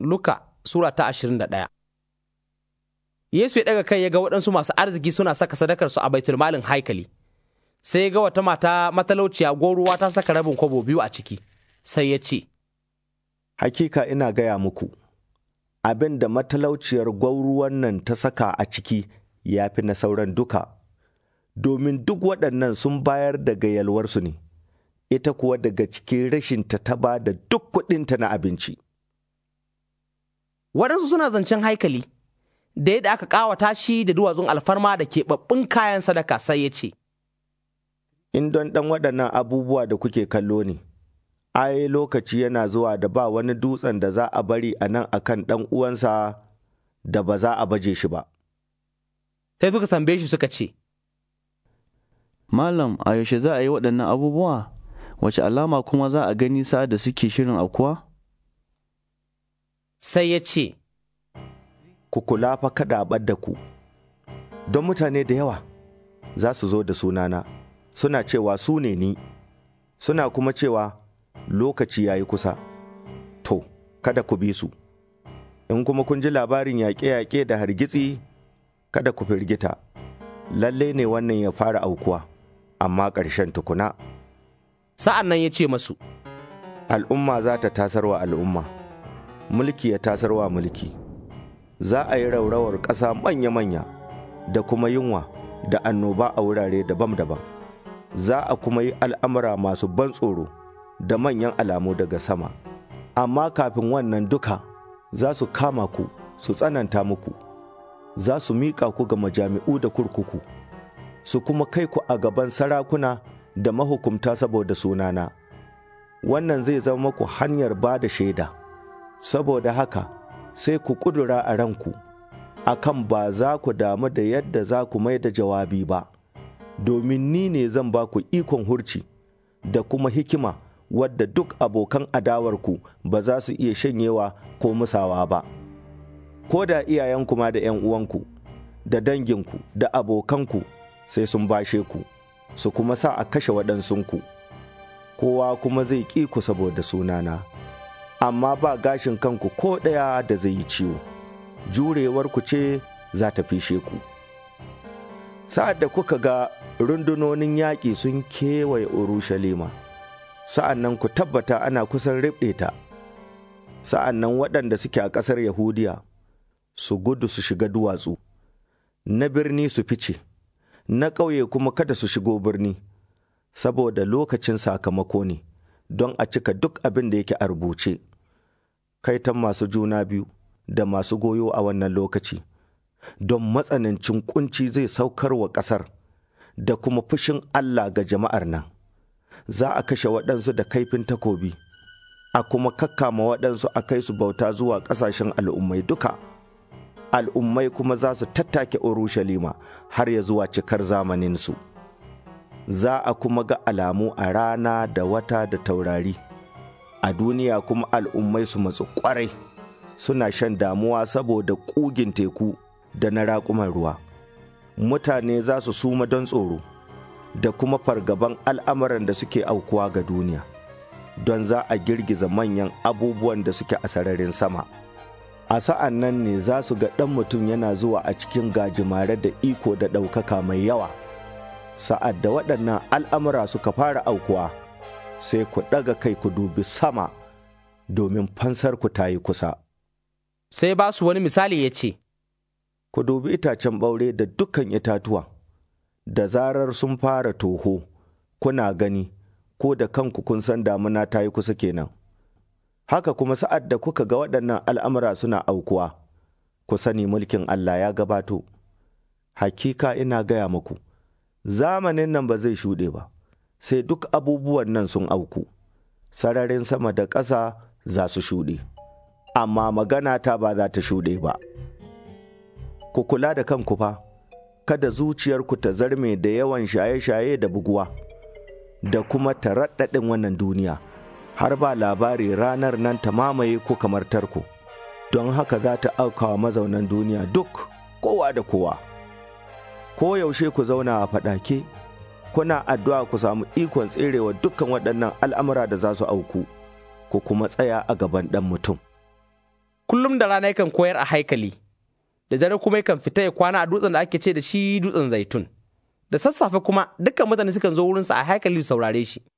Luka Sura ta ashirin da ɗaya. Yesu ya ɗaga kai ya ga waɗansu masu arziki suna saka sadakarsu a baitulmalin haikali. Sai ya ga wata mata matalauciya goruwa ta saka rabin kwabo biyu a ciki, sai ya ce, Hakika ina gaya muku, abin da matalauciyar gwauruwan nan ta saka a ciki ya fi na sauran duka, domin duk waɗannan sun bayar daga yalwarsu ne, ita kuwa daga cikin rashinta ta ba da duk kuɗinta na abinci. waɗansu suna zancen haikali da yadda aka ƙawata shi da duwatsun alfarma da keɓaɓɓun kayan sadaka sai ya ce in don ɗan waɗannan abubuwa da kuke kallo ne ai lokaci yana zuwa da ba wani dutsen da za a bari a nan a kan ɗan uwansa da ba za a baje shi ba sai suka sambe shi suka ce malam a yaushe za a yi waɗannan abubuwa wace alama kuma za a gani sa da suke shirin akuwa? sai ya ce, Ku kula fa kada a da ku, don mutane da yawa za su zo da sunana, suna cewa su ne ni, suna kuma cewa lokaci ya yi kusa, to, kada ku bi su. In kuma kun ji labarin yaƙe-yaƙe da hargitsi, kada ku firgita, lalle ne wannan ya fara aukuwa, amma ƙarshen tukuna. Sa'an nan ya ce masu, Al'umma za ta tasarwa al'umma. mulki ya tasarwa mulki za a yi raurawar ƙasa manya-manya da kuma yunwa da annoba a wurare daban-daban za a kuma yi al'amura masu ban tsoro da manyan alamu daga sama amma kafin wannan duka za su kama ku su tsananta muku za su miƙa ku ga majami'u da kurkuku su kuma kai ku a gaban sarakuna da mahukumta saboda sunana wannan zai zama ku hanyar ba da shaida. saboda haka sai ku kudura a ranku, akan ba za ku damu da yadda za ku mai da jawabi ba, domin ni ne zan ba ku ikon hurci da kuma hikima wadda duk abokan adawarku ba za su iya shanyewa ko musawa ba. Ko da iyayenku ma da ‘yan uwanku, da danginku, da abokanku sai sun bashe ku, su kuma sa a kashe waɗansunku, kowa kuma zai ƙi ku saboda sunana. amma ba gashin kanku ko ɗaya da zai yi ciwo, ku ce za ta fishe ku. Sa'ad da kuka ga rundunonin yaƙi sun kewaye Urushalima, sa'an nan ku tabbata ana kusan riɓe ta, sa'an nan waɗanda suke a ƙasar Yahudiya su gudu su shiga duwatsu, na birni su fice, na ƙauye kuma kada su shigo birni, saboda lokacin sakamako ne. don a cika duk abin da yake a rubuce. kaitan masu juna biyu da masu goyo a wannan lokaci, don matsanancin kunci zai saukar wa ƙasar da kuma fushin Allah ga jama'ar nan. Za a kashe waɗansu da kaifin takobi, a kuma kakkama waɗansu a kai su bauta zuwa ƙasashen al'ummai duka. Al'ummai kuma za su tattake Urushalima har ya zuwa cikar zamaninsu. Za a kuma ga alamu a rana da wata da taurari. a duniya kuma al'ummai su matsu kwarai suna shan damuwa saboda kugin teku da na raƙuman ruwa mutane za su suma don tsoro da kuma fargaban al'amuran da suke aukuwa ga duniya don za a girgiza manyan abubuwan da suke a sararin sama a sa'an nan ne za su ga ɗan mutum yana zuwa a cikin gajimare da iko da ɗaukaka mai yawa sa'ad da waɗannan al'amura suka fara aukuwa sai ku ɗaga kai ku dubi sama domin fansar ku ta yi kusa. Sai ba su wani misali ya ce, Ku dubi itacen ɓaure da dukkan itatuwa, da zarar sun fara toho, kuna gani, ko da kanku kun san damuna ta yi kusa kenan. Haka kuma sa'ad da kuka ga waɗannan al'amura suna aukuwa, ku sani mulkin Allah ya gabato. Hakika ina gaya muku, zamanin nan ba zai shuɗe ba. sai duk abubuwan nan sun auku, sararin sama da ƙasa za su shuɗe, amma magana ta ba za ta shuɗe ba. Ku kula da kanku fa, kada zuciyarku ta zarme da yawan shaye-shaye da buguwa, da kuma ta raɗaɗin wannan duniya, har ba labari ranar nan ta mamaye ku kamar tarko, don haka za ta aukawa mazaunan duniya duk kowa da kowa. Ko yaushe ku zauna a faɗake. kuna addu'a ku samu ikon tserewa dukkan waɗannan al'amura da za su auku, ku kuma tsaya a gaban ɗan mutum. Kullum da rana yakan koyar a haikali, da dare kuma yakan fita ya kwana a dutsen da ake ce da shi dutsen zaitun. Da sassafe kuma dukkan mutane sukan zo wurinsa a haikali su saurare shi.